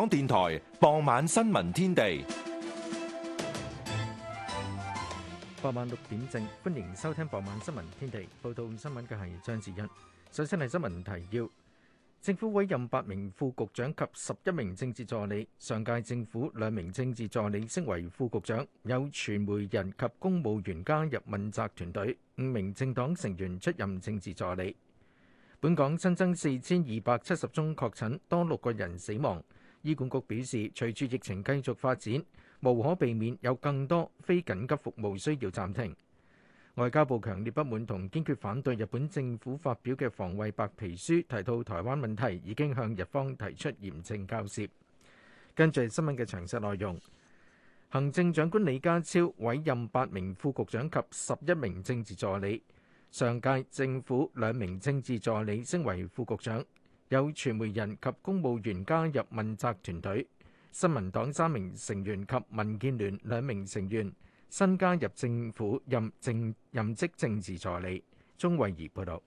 港電台傍晚新聞天地，傍晚六點正，歡迎收聽傍晚新聞天地。報道新聞嘅係張智欣。首先係新聞提要：政府委任八名副局長及十一名政治助理。上屆政府兩名政治助理升為副局長，有傳媒人及公務員加入問責團隊。五名政黨成員出任政治助理。本港新增四千二百七十宗確診，多六個人死亡。醫管局表示，隨住疫情繼續發展，無可避免有更多非緊急服務需要暫停。外交部強烈不滿同堅決反對日本政府發表嘅防衞白皮書提到台灣問題，已經向日方提出嚴正交涉。跟住新聞嘅詳細內容，行政長官李家超委任八名副局長及十一名政治助理，上屆政府兩名政治助理升為副局長。有傳媒人及公務員加入問責團隊，新聞黨三名成員及民建聯兩名成員新加入政府任政任職政治助理。鍾慧儀報導，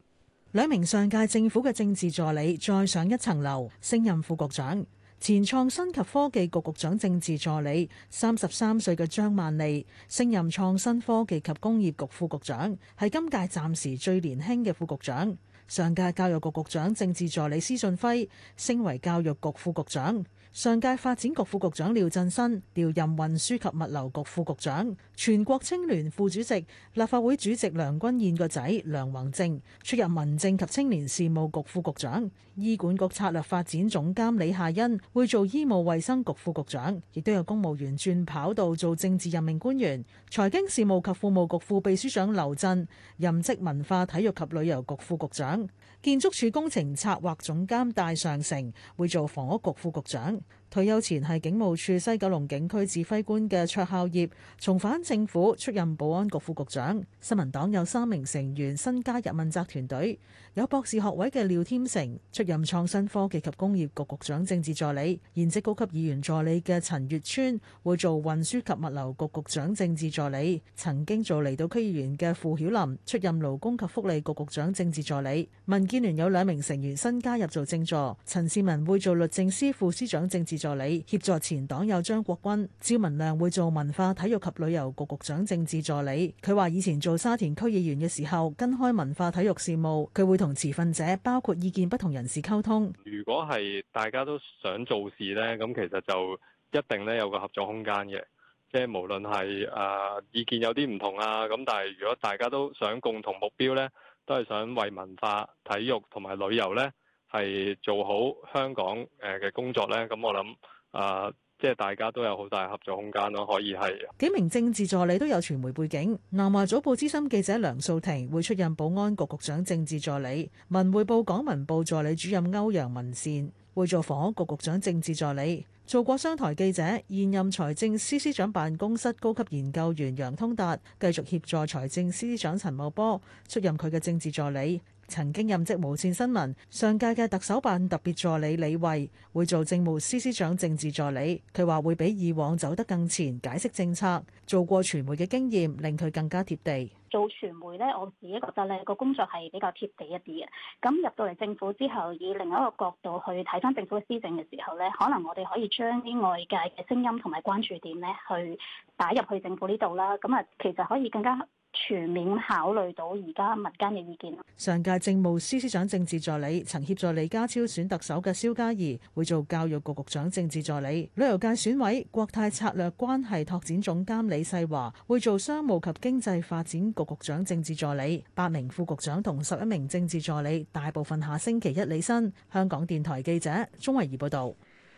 兩名上屆政府嘅政治助理再上一層樓，升任副局長。前創新及科技局局長政治助理，三十三歲嘅張萬利升任創新科技及工業局副局長，係今屆暫時最年輕嘅副局長。上屆教育局局長政治助理施俊輝升為教育局副局長。上屆發展局副局長廖振新，調任運輸及物流局副局長，全國青聯副主席、立法會主席梁君彥個仔梁宏正出任民政及青年事務局副局長，醫管局策略發展總監李夏欣會做醫務衛生局副局長，亦都有公務員轉跑道做政治任命官員，財經事務及庫務局副秘書長劉振任職文化體育及旅遊局副局長。建築署工程策劃總監戴尚成會做房屋局副局長。退休前係警務處西九龍警區指揮官嘅卓孝業重返政府出任保安局副局長。新民黨有三名成員新加入問責團隊，有博士學位嘅廖天成出任創新科技及工業局局長政治助理；現職高級議員助理嘅陳月川會做運輸及物流局局長政治助理。曾經做離島區議員嘅傅曉林出任勞工及福利局局長政治助理。民建聯有兩名成員新加入做政助，陳志文會做律政司副司長政治助理。助理協助前黨友張國鈞。招文亮會做文化、體育及旅遊局局長政治助理。佢話以前做沙田區議員嘅時候，跟開文化、體育事務，佢會同持份者，包括意見不同人士溝通。如果係大家都想做事咧，咁其實就一定咧有個合作空間嘅。即係無論係誒意見有啲唔同啊，咁但係如果大家都想共同目標咧，都係想為文化、體育同埋旅遊咧。係做好香港誒嘅工作呢。咁我諗啊，即係大家都有好大合作空間咯，可以係幾名政治助理都有傳媒背景。南華早報資深記者梁素婷會出任保安局局長政治助理，文匯報、港聞部助理主任歐陽文善會做房屋局局長政治助理，做過商台記者，現任財政司司長辦公室高級研究員楊通達繼續協助財政司司長陳茂波出任佢嘅政治助理。曾經任職無線新聞，上屆嘅特首辦特別助理李慧會做政務司司長政治助理。佢話會比以往走得更前，解釋政策。做過傳媒嘅經驗令佢更加貼地。做傳媒咧，我自己覺得咧個工作係比較貼地一啲嘅。咁入到嚟政府之後，以另一個角度去睇返政府嘅施政嘅時候咧，可能我哋可以將啲外界嘅聲音同埋關注點咧，去擺入去政府呢度啦。咁啊，其實可以更加。全面考慮到而家民間嘅意見。上屆政務司司長政治助理曾協助李家超選特首嘅蕭嘉怡會做教育局局長政治助理，旅遊界選委國泰策略關係拓展總監李世華會做商務及經濟發展局局長政治助理，八名副局長同十一名政治助理大部分下星期一履新。香港電台記者鍾慧儀報導。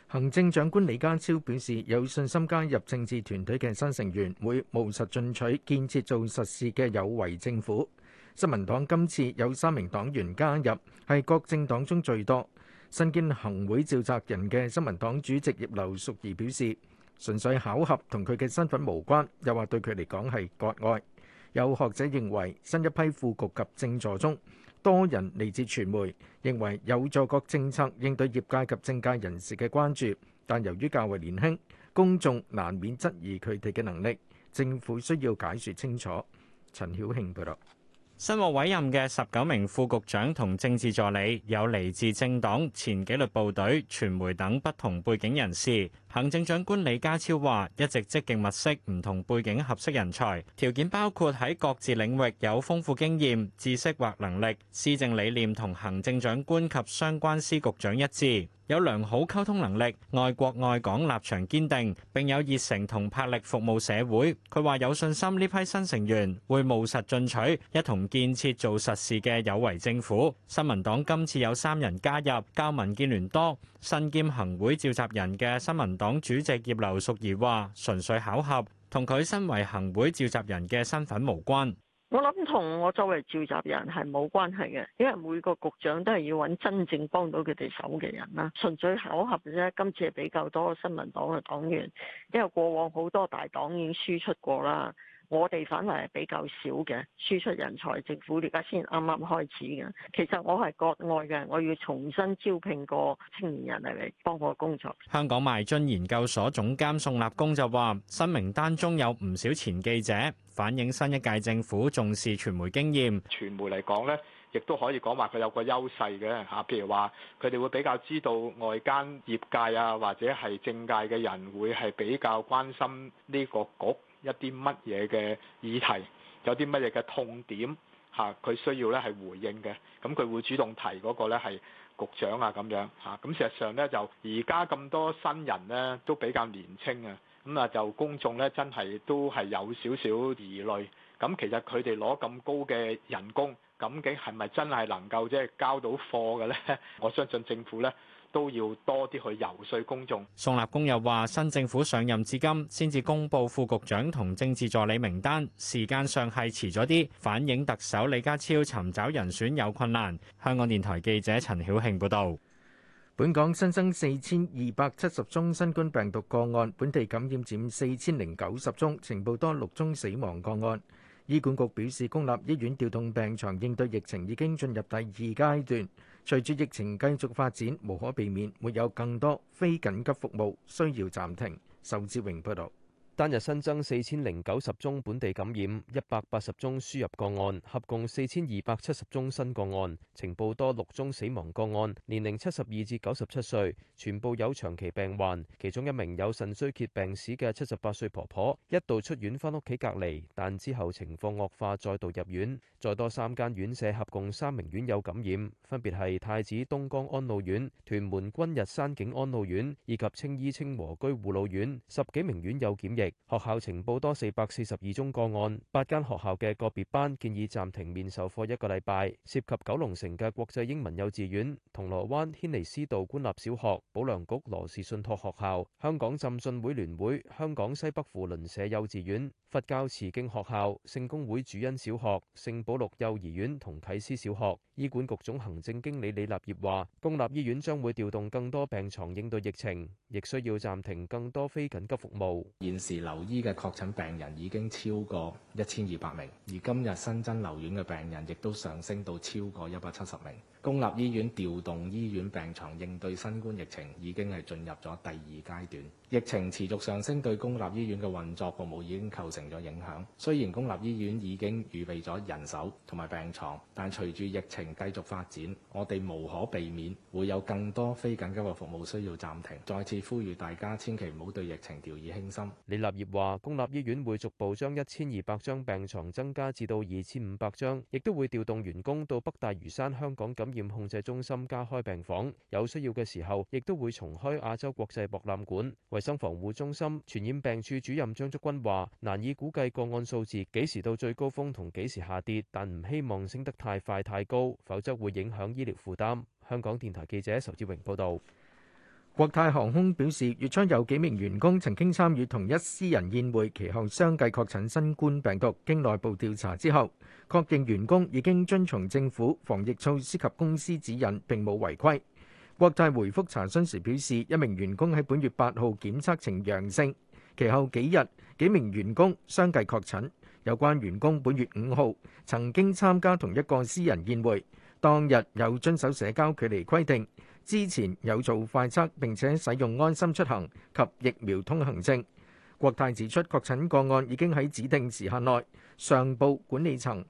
行政長官李家超表示有信心加入政治團隊嘅新成員會務實進取，建設做實事嘅有為政府。新民黨今次有三名黨員加入，係各政黨中最多。身兼行會召集人嘅新民黨主席葉劉淑儀表示，純粹巧合同佢嘅身份無關，又話對佢嚟講係割愛。有學者認為新一批副局及政助中，多人嚟自傳媒，認為有助各政策應對業界及政界人士嘅關注，但由於較為年輕，公眾難免質疑佢哋嘅能力。政府需要解説清楚。陳曉慶報導，新獲委任嘅十九名副局長同政治助理有嚟自政黨、前紀律部隊、傳媒等不同背景人士。行政長官李家超話：一直積極物色唔同背景合適人才，條件包括喺各自領域有豐富經驗、知識或能力、施政理念同行政長官及相關司局長一致，有良好溝通能力、愛國愛港立場堅定，並有熱誠同魄力服務社會。佢話有信心呢批新成員會務實進取，一同建設做實事嘅有為政府。新民黨今次有三人加入，較民建聯多，身兼行會召集人嘅新民黨黨主席葉劉淑儀話：純粹巧合，同佢身為行會召集人嘅身份無關。我諗同我作為召集人係冇關係嘅，因為每個局長都係要揾真正幫到佢哋手嘅人啦。純粹巧合啫，今次係比較多新民黨嘅黨員，因為過往好多大黨已經輸出過啦。我哋反為係比較少嘅輸出人才，政府而家先啱啱開始嘅。其實我係國外嘅，我要重新招聘個青年人嚟幫我工作。香港賣樽研究所總監宋立功就話，新名單中有唔少前記者反映，新一屆政府重視傳媒經驗，傳媒嚟講咧，亦都可以講話，佢有個優勢嘅吓，譬如話，佢哋會比較知道外間業界啊，或者係政界嘅人會係比較關心呢個局。一啲乜嘢嘅議題，有啲乜嘢嘅痛點，嚇佢需要咧係回應嘅，咁佢會主動提嗰個咧係局長啊咁樣，嚇咁事實上咧就而家咁多新人咧都比較年輕啊，咁啊就公眾咧真係都係有少少疑慮，咁其實佢哋攞咁高嘅人工，究竟係咪真係能夠即係、就是、交到貨嘅咧？我相信政府咧，都要多啲去游說公眾。宋立功又話：新政府上任至今，先至公布副局長同政治助理名單，時間上係遲咗啲，反映特首李家超尋找人選有困難。香港電台記者陳曉慶報道。本港新增4270宗新冠病毒個案，本地感染佔4090宗，情報多六宗死亡個案。醫管局表示，公立醫院調動病床應對疫情已經進入第二階段。隨住疫情繼續發展，無可避免，會有更多非緊急服務需要暫停。仇志榮報導。單日新增四千零九十宗本地感染，一百八十宗輸入個案，合共四千二百七十宗新個案。呈報多六宗死亡個案，年齡七十二至九十七歲，全部有長期病患。其中一名有腎衰竭病史嘅七十八歲婆婆，一度出院返屋企隔離，但之後情況惡化，再度入院。再多三間院舍合共三名院友感染，分別係太子東江安老院、屯門君日山景安老院以及青衣青和居護老院，十幾名院友檢疫。學校呈報多四百四十二宗個案，八間學校嘅個別班建議暫停面授課一個禮拜。涉及九龍城嘅國際英文幼稚園、銅鑼灣軒尼詩道官立小學、保良局羅氏信託學校、香港浸信會聯會、香港西北扶輪社幼稚園、佛教慈經學校、聖公會主恩小學、聖保禄幼兒園同啟思小學。醫管局總行政經理李立業話，公立醫院將會調動更多病床應對疫情，亦需要暫停更多非緊急服務。現時。而留醫嘅確診病人已經超過一千二百名，而今日新增留院嘅病人亦都上升到超過一百七十名。公立醫院調動醫院病床應對新冠疫情，已經係進入咗第二階段。疫情持續上升，對公立醫院嘅運作服務已經構成咗影響。雖然公立醫院已經預備咗人手同埋病床，但隨住疫情繼續發展，我哋無可避免會有更多非緊急嘅服務需要暫停。再次呼籲大家千祈唔好對疫情掉以輕心。李立業話：公立醫院會逐步將一千二百張病床增加至到二千五百張，亦都會調動員工到北大嶼山香港感染控制中心加開病房。有需要嘅時候，亦都會重開亞洲國際博覽館。生防護中心傳染病處主任張竹君話：難以估計個案數字幾時到最高峰同幾時下跌，但唔希望升得太快太高，否則會影響醫療負擔。香港電台記者仇志榮報道。國泰航空表示，月初有幾名員工曾經參與同一私人宴會，其後相繼確診新冠病毒。經內部調查之後，確認員工已經遵從政府防疫措施及公司指引，並冇違規。國泰回覆查詢時表示，一名員工喺本月八號檢測呈陽性，其後幾日幾名員工相繼確診。有關員工本月五號曾經參加同一個私人宴會，當日有遵守社交距離規定，之前有做快測並且使用安心出行及疫苗通行證。國泰指出，確診個案已經喺指定時限內上報管理層、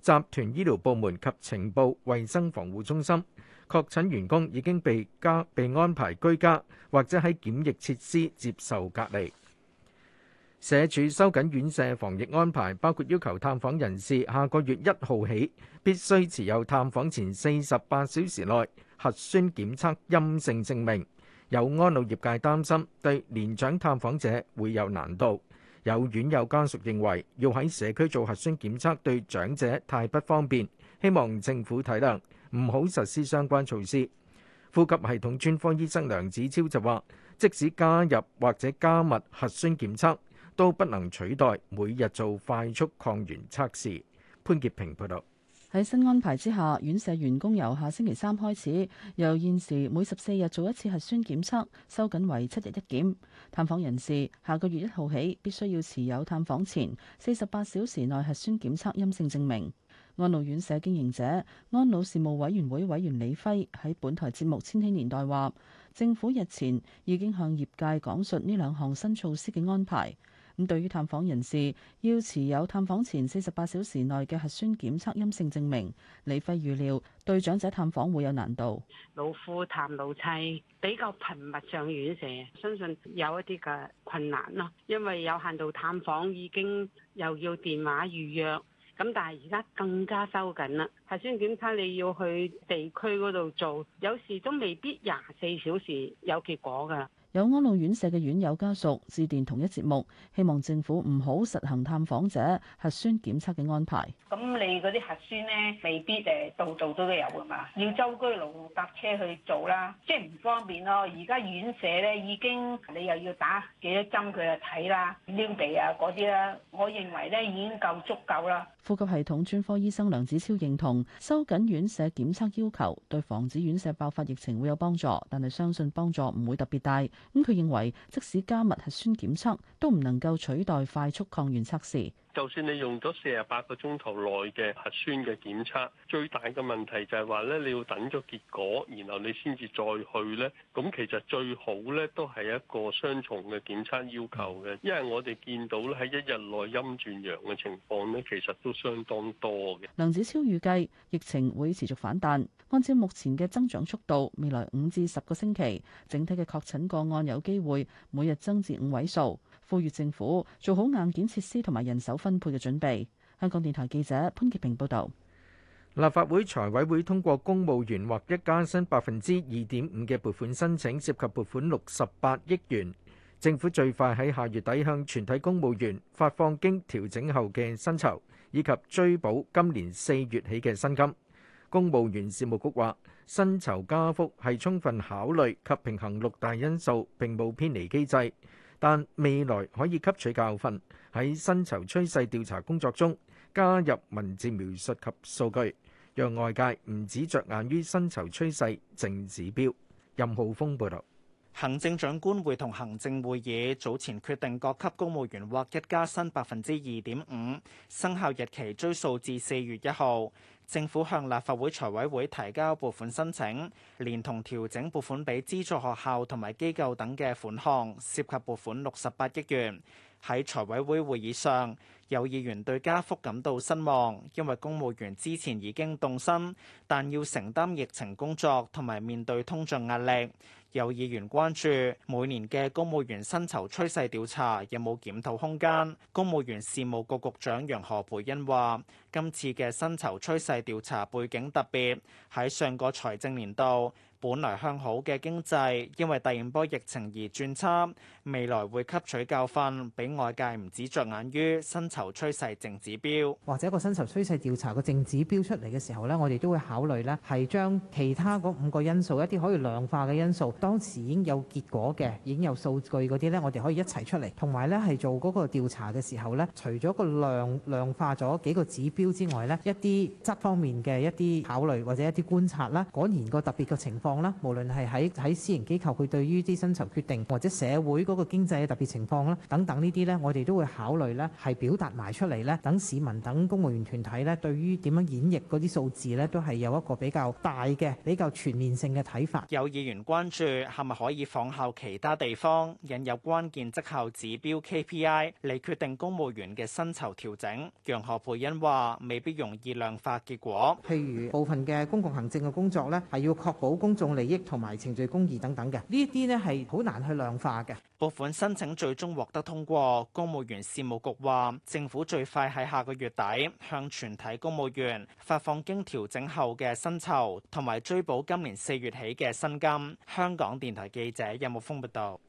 集團醫療部門及情報衛生防護中心。確診員工已經被加被安排居家或者喺檢疫設施接受隔離。社署收緊院舍防疫安排，包括要求探訪人士下個月一號起必須持有探訪前四十八小時內核酸檢測陰性證明。有安老業界擔心對年長探訪者會有難度。有院友家屬認為要喺社區做核酸檢測對長者太不方便，希望政府體諒。唔好實施相關措施。呼吸系統專科醫生梁子超就話：即使加入或者加密核酸檢測，都不能取代每日做快速抗原測試。潘潔平報導。喺新安排之下，院舍員工由下星期三開始，由現時每十四日做一次核酸檢測，收緊為七日一檢。探訪人士下個月一號起，必須要持有探訪前四十八小時內核酸檢測陰性證明。安老院舍經營者、安老事務委員會委員李輝喺本台節目《千禧年代》話，政府日前已經向業界講述呢兩項新措施嘅安排。咁對於探訪人士要持有探訪前四十八小時內嘅核酸檢測陰性證明，李輝預料對長者探訪會有難度。老夫探老妻比較頻密上院舍，相信有一啲嘅困難咯，因為有限度探訪已經又要電話預約。咁但係而家更加收緊啦，核酸檢測你要去地區嗰度做，有時都未必廿四小時有結果噶。有安老院舍嘅院友家屬致電同一節目，希望政府唔好實行探訪者核酸檢測嘅安排。咁你嗰啲核酸咧，未必誒到度都都有噶嘛？要周居路搭車去做啦，即係唔方便咯。而家院舍咧已經你又要打幾多針佢又睇啦，撩鼻啊嗰啲啦。我認為咧已經夠足夠啦。呼吸系統專科醫生梁子超認同收緊院舍檢測要求，對防止院舍爆發疫情會有幫助，但係相信幫助唔會特別大。咁佢認為，即使加密核酸檢測，都唔能夠取代快速抗原測試。就算你用咗四十八個鐘頭內嘅核酸嘅檢測，最大嘅問題就係話咧，你要等咗結果，然後你先至再去咧。咁其實最好咧，都係一個雙重嘅檢測要求嘅，因為我哋見到咧，喺一日內陰轉陽嘅情況咧，其實都相當多嘅。梁子超預計疫情會持續反彈，按照目前嘅增長速度，未來五至十個星期，整體嘅確診個案有機會每日增至五位數。呼籲政府做好硬件設施同埋人手分配嘅準備。香港電台記者潘潔平報道，立法會財委會通過公務員或一加薪百分之二點五嘅撥款申請，涉及撥款六十八億元。政府最快喺下月底向全體公務員發放經調整後嘅薪酬，以及追補今年四月起嘅薪金。公務員事務局話薪酬加幅係充分考慮及平衡六大因素，並冇偏離機制。但未來可以吸取教訓，喺薪酬趨勢調查工作中加入文字描述及數據，讓外界唔止着眼於薪酬趨勢淨指標。任浩峰報導。行政長官會同行政會議早前決定，各級公務員獲一加薪百分之二點五，生效日期追溯至四月一號。政府向立法會財委會提交撥款申請，連同調整撥款俾資助學校同埋機構等嘅款項，涉及撥款六十八億元。喺財委會會議上，有議員對加幅感到失望，因為公務員之前已經凍薪，但要承擔疫情工作同埋面對通脹壓力。有議員關注每年嘅公務員薪酬趨勢調查有冇檢討空間。公務員事務局局長楊何蓓茵話：今次嘅薪酬趨勢調查背景特別喺上個財政年度。本來向好嘅經濟，因為第五波疫情而轉差，未來會吸取教訓，俾外界唔止着眼於薪酬趨勢淨指標，或者個薪酬趨勢調查個淨指標出嚟嘅時候呢，我哋都會考慮呢係將其他嗰五個因素一啲可以量化嘅因素，當時已經有結果嘅已經有數據嗰啲呢，我哋可以一齊出嚟，同埋呢係做嗰個調查嘅時候呢，除咗個量量化咗幾個指標之外呢，一啲質方面嘅一啲考慮或者一啲觀察啦，嗰年個特別嘅情況。啦，無論係喺喺私營機構，佢對於啲薪酬決定或者社會嗰個經濟嘅特別情況啦，等等呢啲呢我哋都會考慮呢係表達埋出嚟呢等市民、等公務員團體呢，對於點樣演繹嗰啲數字呢，都係有一個比較大嘅、比較全面性嘅睇法。有議員關注係咪可以仿效其他地方，引入關鍵績效指標 KPI 嚟決定公務員嘅薪酬調整？楊何佩欣話：未必容易量化結果。譬如部分嘅公共行政嘅工作呢，係要確保公公眾利益同埋程序公義等等嘅，呢啲呢係好難去量化嘅。撥款申請最終獲得通過，公務員事務局話，政府最快喺下個月底向全體公務員發放經調整後嘅薪酬，同埋追補今年四月起嘅薪金。香港電台記者任木峰報道。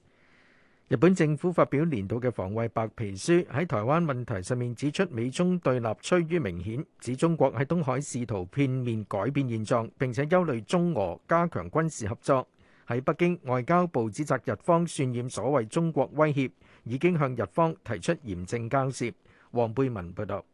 日本政府發表年度嘅防衛白皮書，喺台灣問題上面指出美中對立趨於明顯，指中國喺東海試圖片面改變現狀，並且憂慮中俄加強軍事合作。喺北京，外交部指責日方渲染所謂中國威脅，已經向日方提出嚴正交涉。黃貝文報道。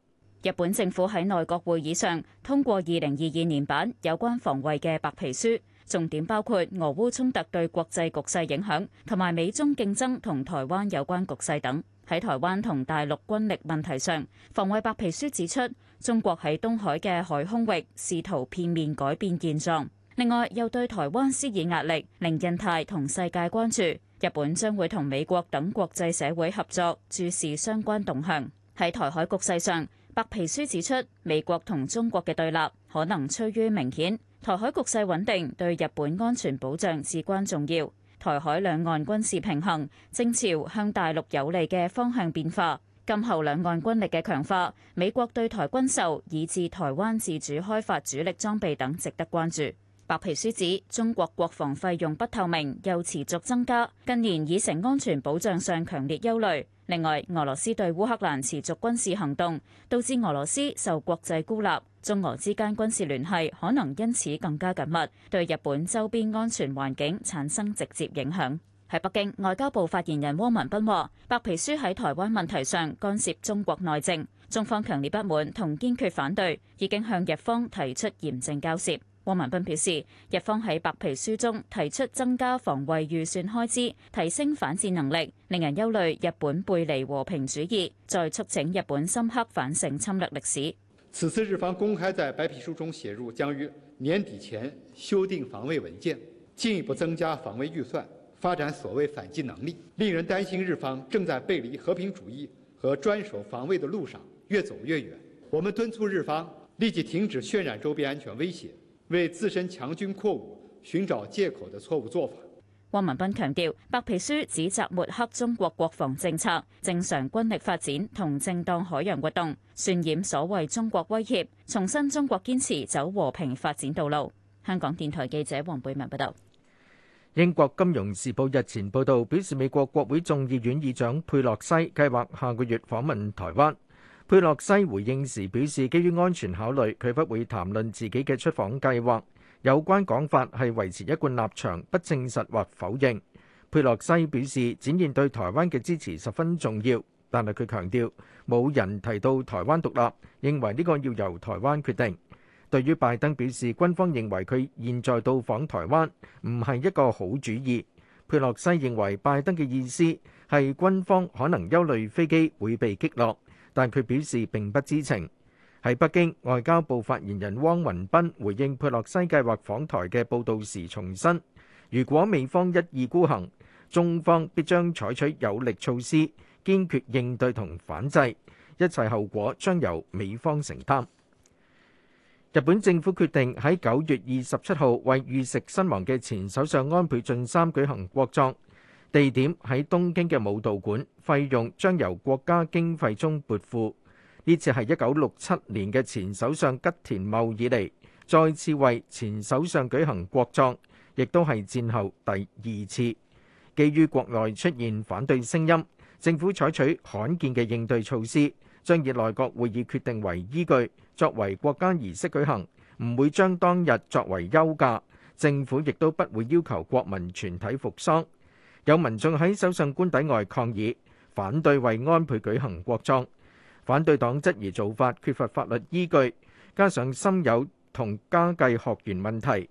日本政府喺內閣會議上通過二零二二年版有關防衛嘅白皮書。重點包括俄烏衝突對國際局勢影響，同埋美中競爭同台灣有關局勢等。喺台灣同大陸軍力問題上，防衛白皮書指出，中國喺東海嘅海空域試圖片面改變現狀，另外又對台灣施以壓力，令印太同世界關注。日本將會同美國等國際社會合作，注視相關動向。喺台海局勢上，白皮書指出，美國同中國嘅對立可能趨於明顯。台海局勢穩定對日本安全保障至關重要。台海兩岸軍事平衡正朝向大陸有利嘅方向變化。今後兩岸軍力嘅強化、美國對台軍售以至台灣自主開發主力裝備等，值得關注。白皮書指，中國國防費用不透明又持續增加，近年已成安全保障上強烈憂慮。另外，俄羅斯對烏克蘭持續軍事行動，導致俄羅斯受國際孤立，中俄之間軍事聯繫可能因此更加緊密，對日本周邊安全環境產生直接影響。喺北京，外交部發言人汪文斌話，白皮書喺台灣問題上干涉中國內政，中方強烈不滿同堅決反對，已經向日方提出嚴正交涉。汪文斌表示，日方喺白皮書中提出增加防衛預算開支、提升反制能力，令人憂慮日本背離和平主義，再促請日本深刻反省侵略歷史。此次日方公開在白皮書中寫入將於年底前修訂防衛文件，進一步增加防衛預算，發展所謂反擊能力，令人擔心日方正在背離和平主義和專守防衛的路上越走越遠。我們敦促日方立即停止渲染周邊安全威脅。為自身強軍擴武尋找借口的錯誤做法。汪文斌強調，白皮書指責抹黑中國國防政策、正常軍力發展同正當海洋活動，渲染所謂中國威脅，重申中國堅持走和平發展道路。香港電台記者黃貝文報道。英國金融時報日前報道，表示美國國會眾議院議長佩洛西計劃下個月訪問台灣。佩洛西回應時表示，基於安全考慮，佢不會談論自己嘅出訪計劃。有關講法係維持一貫立場，不證實或否認。佩洛西表示，展現對台灣嘅支持十分重要，但係佢強調冇人提到台灣獨立，認為呢個要由台灣決定。對於拜登表示，軍方認為佢現在到訪台灣唔係一個好主意。佩洛西認為拜登嘅意思係軍方可能憂慮飛機會被擊落。但佢表示並不知情。喺北京，外交部發言人汪文斌回應佩洛西計劃訪台嘅報道時重申：如果美方一意孤行，中方必將採取有力措施，堅決應對同反制，一切後果將由美方承擔。日本政府決定喺九月二十七號為遇刺身亡嘅前首相安倍晉三舉行國葬。地點喺東京嘅武道館，費用將由國家經費中撥付。呢次係一九六七年嘅前首相吉田茂以嚟，再次為前首相舉行國葬，亦都係戰後第二次。基於國內出現反對聲音，政府採取罕見嘅應對措施，將以內閣會議決定為依據，作為國家儀式舉行，唔會將當日作為休假。政府亦都不會要求國民全體服喪。有民眾喺首相官邸外抗議，反對為安倍舉行國葬。反對黨質疑做法缺乏法律依據，加上深有同加計學員問題。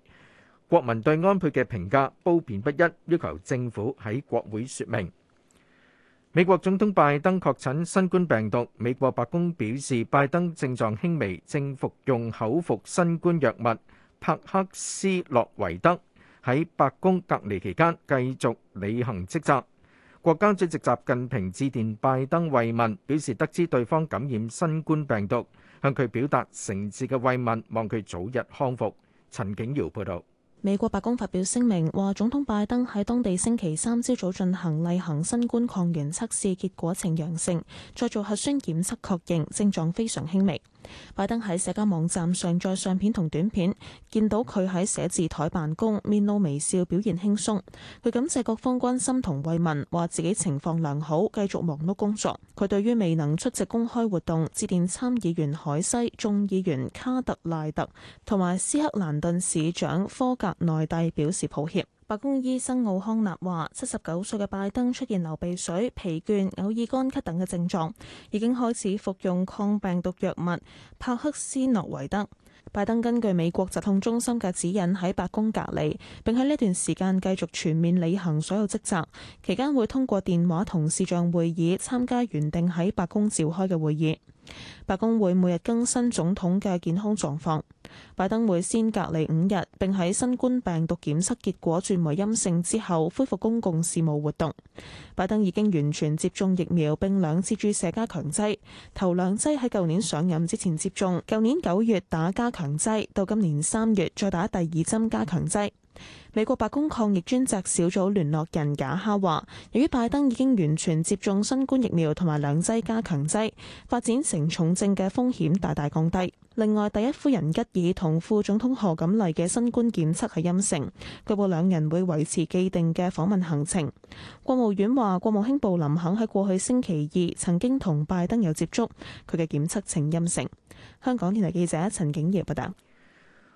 國民對安倍嘅評價褒貶不一，要求政府喺國會説明。美國總統拜登確診新冠病毒，美國白宮表示拜登症狀輕微，正服用口服新冠藥物帕克斯洛維德。喺白宮隔離期間繼續履行職責。國家主席習近平致電拜登慰問，表示得知對方感染新冠病毒，向佢表達誠摯嘅慰問，望佢早日康復。陳景瑤報道：美國白宮發表聲明，話總統拜登喺當地星期三朝早進行例行新冠抗原測試，結果呈陽性，再做核酸檢測確認，症狀非常輕微。拜登喺社交網站上載相片同短片，見到佢喺寫字枱辦公，面露微笑，表現輕鬆。佢感謝各方關心同慰問，話自己情況良好，繼續忙碌工作。佢對於未能出席公開活動，致電參議員凱西、眾議員卡特賴特同埋斯克蘭頓市長科格內蒂表示抱歉。白宮醫生奧康納話，七十九歲嘅拜登出現流鼻水、疲倦、偶爾乾咳等嘅症狀，已經開始服用抗病毒藥物帕克斯諾維德。拜登根據美國疾控中心嘅指引喺白宮隔離，並喺呢段時間繼續全面履行所有職責。期間會通過電話同視像會議參加原定喺白宮召開嘅會議。白宮會每日更新總統嘅健康狀況。拜登會先隔離五日，並喺新冠病毒檢測結果轉為陰性之後，恢復公共事務活動。拜登已經完全接種疫苗，並兩次注射加強劑。頭兩劑喺舊年上任之前接種，舊年九月打加強劑，到今年三月再打第二針加強劑。美國白宮抗疫專責小組聯絡人賈哈話，由於拜登已經完全接種新冠疫苗同埋兩劑加強劑，發展成重症嘅風險大大降低。另外，第一夫人吉爾同副總統賀錦麗嘅新冠檢測係陰性，據報兩人會維持既定嘅訪問行程。國務院話，國務卿布林肯喺過去星期二曾經同拜登有接觸，佢嘅檢測呈陰性。香港電台記者陳景瑤報道。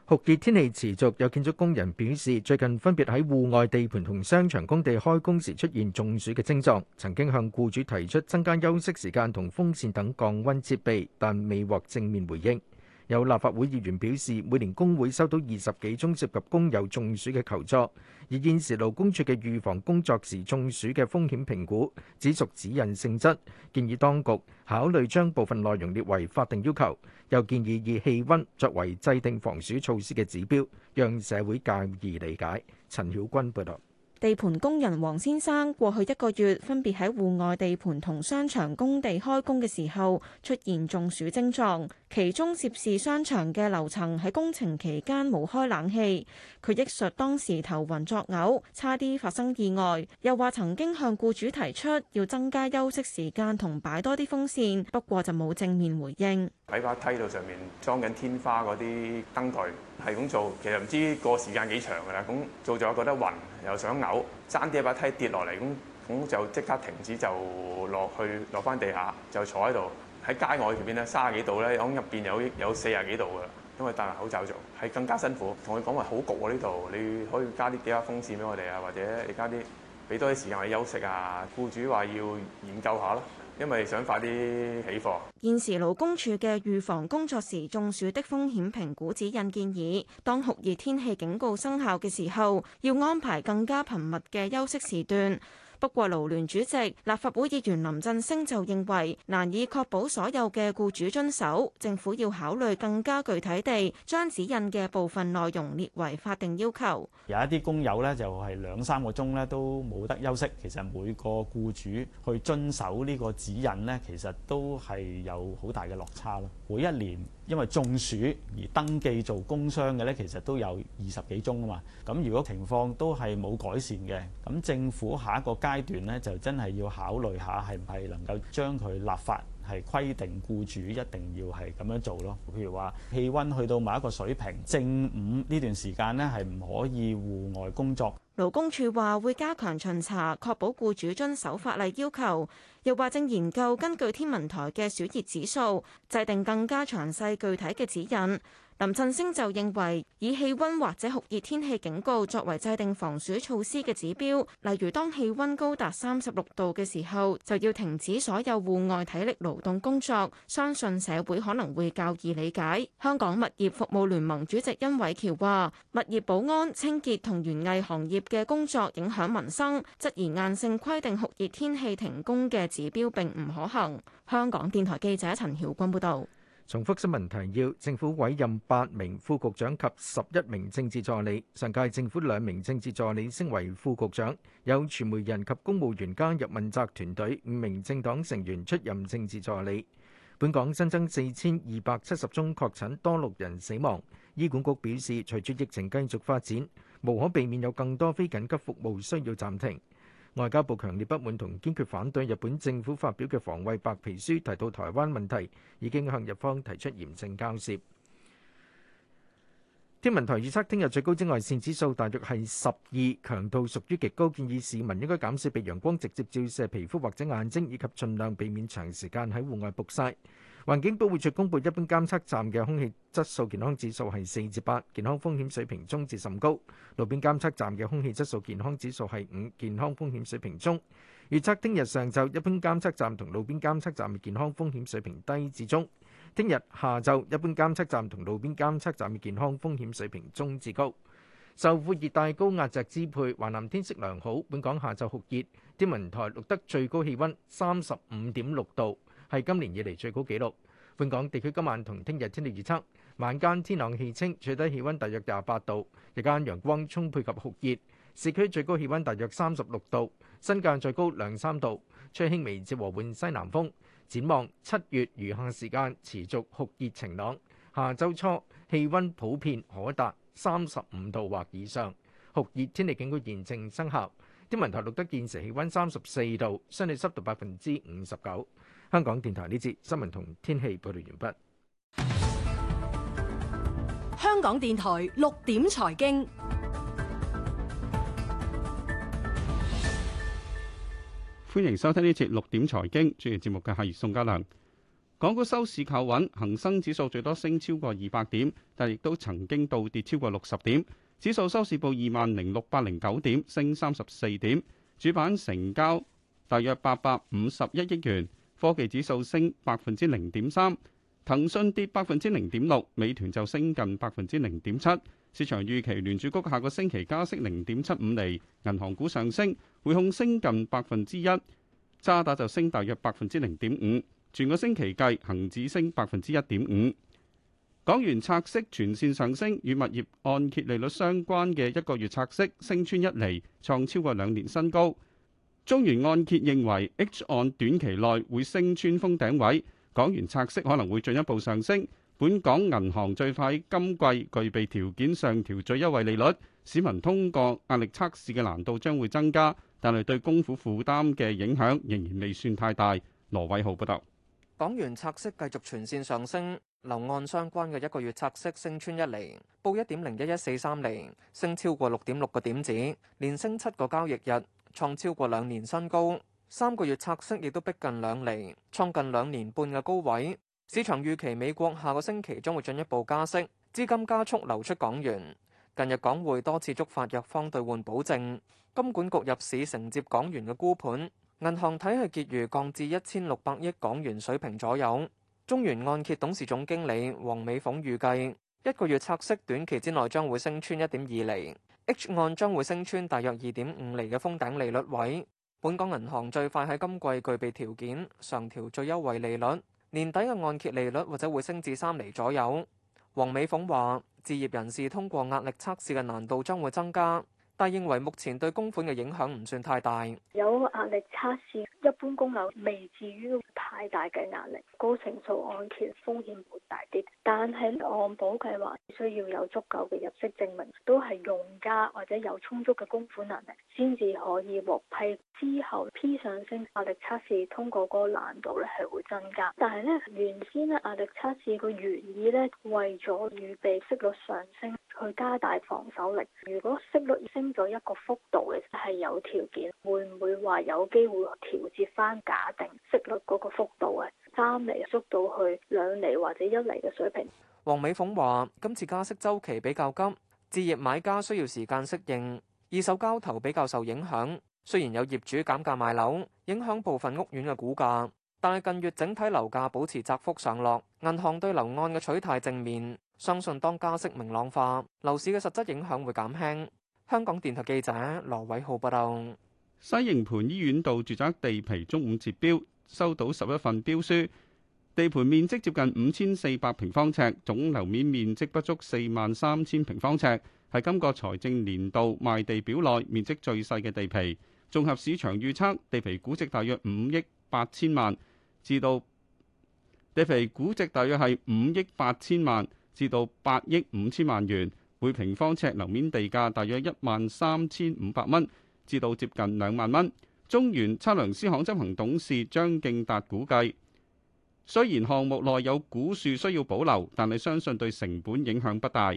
酷熱天氣持續，有建築工人表示，最近分別喺戶外地盤同商場工地開工時出現中暑嘅症狀，曾經向雇主提出增加休息時間同風扇等降温設備，但未獲正面回應。有立法會議員表示，每年工會收到二十幾宗涉及工友中暑嘅求助，而現時勞工處嘅預防工作時中暑嘅風險評估只屬指引性質，建議當局考慮將部分內容列為法定要求。又建議以氣温作為制定防暑措施嘅指標，讓社會較易理解。陳曉君報道。地盤工人黃先生過去一個月，分別喺戶外地盤同商場工地開工嘅時候出現中暑症狀，其中涉事商場嘅樓層喺工程期間冇開冷氣。佢憶述當時頭暈作嘔，差啲發生意外，又話曾經向僱主提出要增加休息時間同擺多啲風扇，不過就冇正面回應。喺花梯度上面裝緊天花嗰啲燈具。係咁做，其實唔知個時間幾長㗎啦。咁做咗下覺得暈，又想嘔，爭啲一把梯跌落嚟，咁咁就即刻停止，就去落去落翻地下，就坐喺度喺街外邊咧，卅幾度咧，響入邊有有四十幾度㗎啦，咁佢戴埋口罩做係更加辛苦。同佢講話好焗喎，呢度，你可以加啲幾把風扇俾我哋啊，或者你加啲俾多啲時間去休息啊。僱主話要研究下啦。因為想快啲起貨。現時勞工處嘅預防工作時中暑的風險評估指引建議，當酷熱天氣警告生效嘅時候，要安排更加頻密嘅休息時段。不過勞聯主席、立法會議員林振昇就認為難以確保所有嘅僱主遵守，政府要考慮更加具體地將指引嘅部分內容列為法定要求。有一啲工友呢，就係兩三個鐘呢都冇得休息，其實每個僱主去遵守呢個指引呢，其實都係有好大嘅落差啦。每一年因為中暑而登記做工傷嘅呢，其實都有二十幾宗啊嘛。咁如果情況都係冇改善嘅，咁政府下一個階段呢，就真係要考慮下係唔係能夠將佢立法係規定，僱主一定要係咁樣做咯。譬如話，氣温去到某一個水平，正午呢段時間呢，係唔可以戶外工作。勞工處話會加強巡查，確保僱主遵守法例要求，又話正研究根據天文台嘅暑熱指數，制定更加詳細具體嘅指引。林振昇就認為，以氣温或者酷熱天氣警告作為制定防暑措施嘅指標，例如當氣温高達三十六度嘅時候，就要停止所有戶外體力勞動工作，相信社會可能會較易理解。香港物業服務聯盟主席殷偉橋話，物業保安、清潔同園藝行業嘅工作影響民生，質疑硬性規定酷熱天氣停工嘅指標並唔可行。香港電台記者陳曉君報導。重複新聞提要：政府委任八名副局長及十一名政治助理。上屆政府兩名政治助理升為副局長，有傳媒人及公務員加入問責團隊。五名政黨成員出任政治助理。本港新增四千二百七十宗確診，多六人死亡。醫管局表示，隨住疫情繼續發展，無可避免有更多非緊急服務需要暫停。外交部強烈不滿同堅決反對日本政府發表嘅防衛白皮書提到台灣問題，已經向日方提出嚴正交涉。天文台預測，聽日最高紫外線指數大約係十二，強度屬於極高，建議市民應該減少被陽光直接照射皮膚或者眼睛，以及盡量避免長時間喺戶外曝曬。環境保護署公佈，一般監測站嘅空氣質素健康指數係四至八，8, 健康風險水平中至甚高；路邊監測站嘅空氣質素健康指數係五，健康風險水平中。預測聽日上晝一般監測站同路邊監測站嘅健康風險水平低至中；聽日下晝一般監測站同路邊監測站嘅健康風險水平中至高。受副熱帶高壓脊支配，華南天色良好，本港下晝酷熱，天文台錄得最高氣温三十五點六度。係今年以嚟最高紀錄。本港地區今晚同聽日天氣預測，晚間天朗氣清，最低氣温大約廿八度；日間陽光充沛及酷熱，市區最高氣温大約三十六度，新界最高兩三度，吹輕微至和緩西南風。展望七月餘下時間持續酷熱晴朗，下周初氣温普遍可達三十五度或以上，酷熱天氣警告現正生效。天文台錄得現時氣温三十四度，相對濕度百分之五十九。香港電台呢節新聞同天氣報道完畢。香港電台六點財經， 歡迎收聽呢節六點財經。主持節目嘅係宋家良。港股收市靠穩，恒生指數最多升超過二百點，但亦都曾經倒跌超過六十點。指數收市報二萬零六百零九點，升三十四點。主板成交大約八百五十一億元。科技指數升百分之零點三，騰訊跌百分之零點六，美團就升近百分之零點七。市場預期聯儲局下個星期加息零點七五厘，銀行股上升，匯控升近百分之一，渣打就升大約百分之零點五。全個星期計，恒指升百分之一點五。港元拆息全線上升，與物業按揭利率相關嘅一個月拆息升穿一厘，創超過兩年新高。中原按揭認為 H 按短期內會升穿封頂位，港元拆息可能會進一步上升。本港銀行最快今季具備條件上調最優惠利率，市民通過壓力測試嘅難度將會增加，但係對工庫負擔嘅影響仍然未算太大。羅偉浩報道。港元拆息繼續全線上升，樓按相關嘅一個月拆息升穿一釐，報一點零一一四三零，升超過六點六個點子，連升七個交易日。創超過兩年新高，三個月拆息亦都逼近兩厘，創近兩年半嘅高位。市場預期美國下個星期將會進一步加息，資金加速流出港元。近日港匯多次觸發弱方兌換保證，金管局入市承接港元嘅沽盤，銀行體系結餘降至一千六百億港元水平左右。中原按揭董事總經理黃美鳳預計。一個月拆息短期之內將會升穿一點二厘，H 按將會升穿大約二點五厘嘅封頂利率位。本港銀行最快喺今季具備條件上調最優惠利率，年底嘅按揭利率或者會升至三厘左右。黃美鳳話：置業人士通過壓力測試嘅難度將會增加。但係認為目前對供款嘅影響唔算太大，有壓力測試，一般供樓未至於太大嘅壓力，高成數按揭風險會大啲。但係按保計劃需要有足夠嘅入息證明，都係用家或者有充足嘅供款能力先至可以獲批。之後 P 上升，壓力測試通過嗰個難度咧係會增加。但係咧原先咧壓力測試個原意咧為咗預備息率上升。去加大防守力。如果息率升咗一個幅度嘅，係有條件，會唔會話有機會調節翻假定息率嗰個幅度啊？三釐縮到去兩釐或者一釐嘅水平。黃美鳳話：今次加息週期比較急，置業買家需要時間適應，二手交投比較受影響。雖然有業主減價賣樓，影響部分屋苑嘅股價，但係近月整體樓價保持窄幅上落，銀行對樓按嘅取態正面。相信當加息明朗化，樓市嘅實質影響會減輕。香港電台記者羅偉浩報道：西營盤醫院道住宅地皮中午截標，收到十一份標書。地盤面積接近五千四百平方尺，總樓面面積不足四萬三千平方尺，係今個財政年度賣地表內面積最細嘅地皮。綜合市場預測，地皮估值大約五億八千萬，至到地皮估值大約係五億八千萬。至到八億五千萬元，每平方尺樓面地價大約一萬三千五百蚊，至到接近兩萬蚊。中原測量師行執行董事張敬達估計，雖然項目內有古樹需要保留，但係相信對成本影響不大。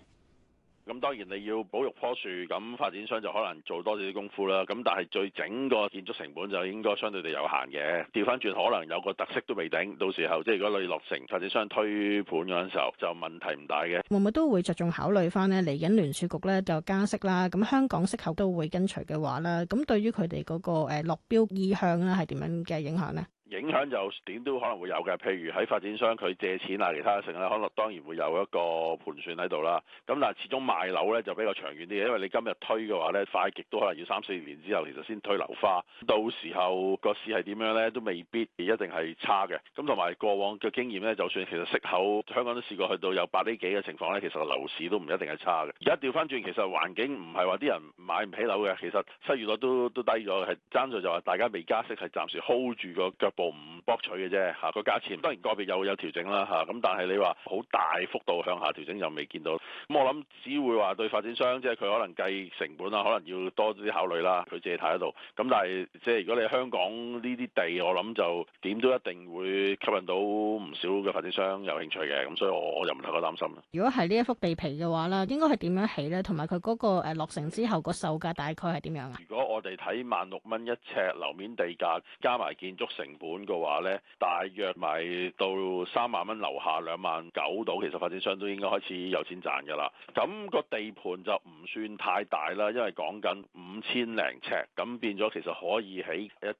咁當然你要保育棵樹，咁發展商就可能做多啲功夫啦。咁但係最整個建築成本就應該相對地有限嘅。調翻轉可能有個特色都未定，到時候即係如果你落成，發展商推盤嗰陣時候就問題唔大嘅。會唔會都會着重考慮翻呢嚟緊聯儲局咧就加息啦，咁香港息口都會跟隨嘅話啦，咁對於佢哋嗰個落標意向咧係點樣嘅影響呢？影響就點都可能會有嘅，譬如喺發展商佢借錢啊，其他嘅成咧，可能當然會有一個盤算喺度啦。咁但係，始終賣樓咧就比較長遠啲嘅，因為你今日推嘅話咧，快極都可能要三四年之後，其實先推樓花。到時候個市係點樣咧，都未必一定係差嘅。咁同埋過往嘅經驗咧，就算其實息口香港都試過去到有八厘幾嘅情況咧，其實樓市都唔一定係差嘅。而家調翻轉，其實環境唔係話啲人買唔起樓嘅，其實失業率都都低咗，係爭在就話大家未加息，係暫時 hold 住個腳部唔博取嘅啫嚇，個、啊、價錢當然個別又有調整啦嚇，咁、啊、但係你話好大幅度向下調整又未見到。咁、啊嗯、我諗只會話對發展商即係佢可能計成本啊，可能要多啲考慮啦，佢自己睇得到。咁、啊、但係即係如果你香港呢啲地，我諗就點都一定會吸引到唔少嘅發展商有興趣嘅。咁、啊、所以我我又唔太過擔心。如果係呢一幅地皮嘅話咧，應該係點樣起咧？同埋佢嗰個誒落成之後個售價大概係點樣啊？如果我哋睇萬六蚊一尺樓面地價加埋建築成本。本嘅話呢，大約賣到三萬蚊樓下兩萬九到，其實發展商都應該開始有錢賺嘅啦。咁個地盤就唔算太大啦，因為講緊五千零尺，咁變咗其實可以起一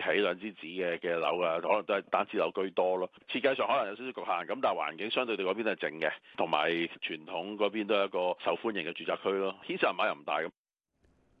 支起兩支紙嘅嘅樓嘅，可能都係單支樓居多咯。設計上可能有少少局限，咁但係環境相對對嗰邊，邊都係靜嘅，同埋傳統嗰邊都係一個受歡迎嘅住宅區咯。起層碼又唔大咁。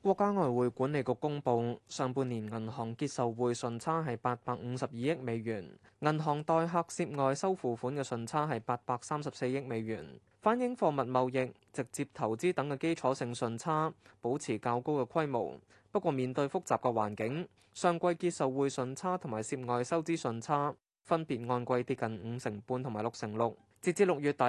國家外匯管理局公布，上半年銀行結售匯順差係八百五十二億美元，銀行代客涉外收付款嘅順差係八百三十四億美元，反映貨物貿易、直接投資等嘅基礎性順差保持較高嘅規模。不過面對複雜嘅環境，上季結售匯順差同埋涉外收支順差分別按季跌近五成半同埋六成六。截至六月底，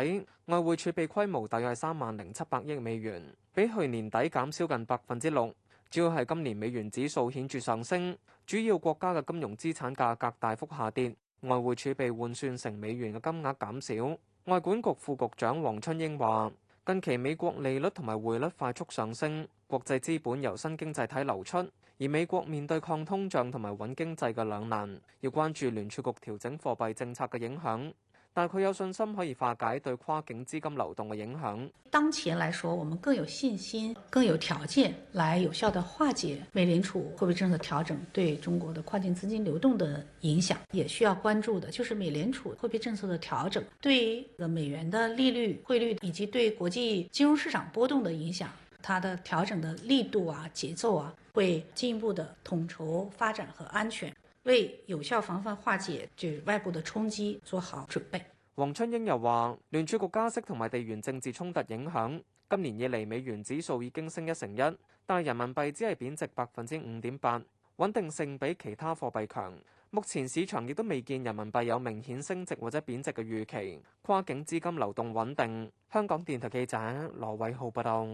外匯儲備規模大約係三萬零七百億美元，比去年底減少近百分之六，主要係今年美元指數顯著上升，主要國家嘅金融資產價格，格大幅下跌，外匯儲備換算成美元嘅金額減少。外管局副局長王春英話：近期美國利率同埋匯率快速上升，國際資本由新經濟體流出，而美國面對抗通脹同埋穩經濟嘅兩難，要關注聯儲局調整貨幣政策嘅影響。但佢有信心可以化解對跨境資金流動的影響。當前來說，我們更有信心、更有條件來有效地化解美聯儲貨幣政策調整對中國的跨境資金流動的影響。也需要關注的，就是美聯儲貨幣政策的調整對於美元的利率、匯率以及對國際金融市場波動的影響，它的調整的力度啊、節奏啊，會進一步的統籌發展和安全。為有效防範化解這外部的衝擊做好準備。王春英又話，聯儲局加息同埋地緣政治衝突影響，今年以嚟美元指數已經升一成一，但係人民幣只係貶值百分之五點八，穩定性比其他貨幣強。目前市場亦都未見人民幣有明顯升值或者貶值嘅預期，跨境資金流動穩定。香港電台記者羅偉浩報道。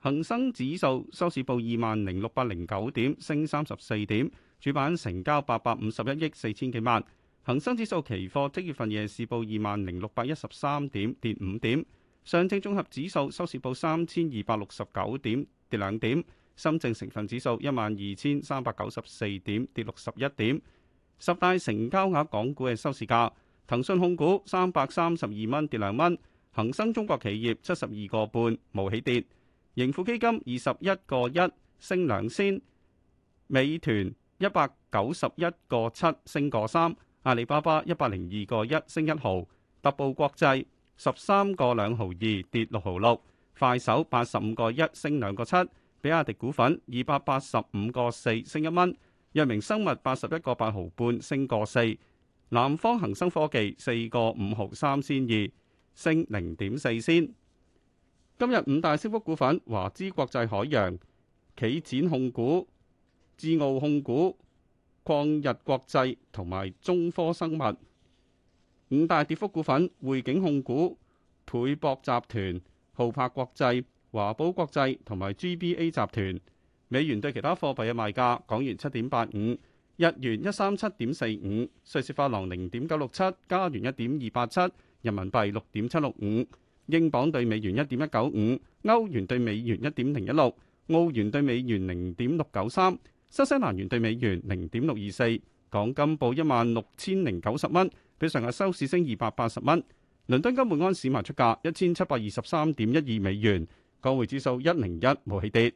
恒生指數收市報二萬零六百零九點，升三十四點。主板成交八百五十一億四千幾萬，恒生指數期貨即月份夜市報二萬零六百一十三點，跌五點。上證綜合指數收市報三千二百六十九點，跌兩點。深證成分指數一萬二千三百九十四點，跌六十一點。十大成交額港股嘅收市價，騰訊控股三百三十二蚊，跌兩蚊。恒生中國企業七十二個半，冇起跌。盈富基金二十一個一，升兩仙。美團一百九十一個七升個三，阿里巴巴一百零二個一升一毫，特步國際十三個兩毫二跌六毫六，快手八十五個一升兩個七，比亞迪股份二百八十五個四升一蚊，藥明生物八十一個八毫半升個四，南方恒生科技四個五毫三先二升零點四先。今日五大升幅股份：華資國際海洋、企展控股。智傲控股、曠日國際同埋中科生物。五大跌幅股份，匯景控股、倍博集團、浩柏國際、華寶國際同埋 GBA 集團。美元對其他貨幣嘅賣價：港元七點八五，日元一三七點四五，瑞士法郎零點九六七，加元一點二八七，人民幣六點七六五，英鎊對美元一點一九五，歐元對美元一點零一六，澳元對美元零點六九三。新西蘭元兌美元零點六二四，港金報一萬六千零九十蚊，比上日收市升二百八十蚊。倫敦金每安士賣出價一千七百二十三點一二美元，港匯指數一零一冇起跌。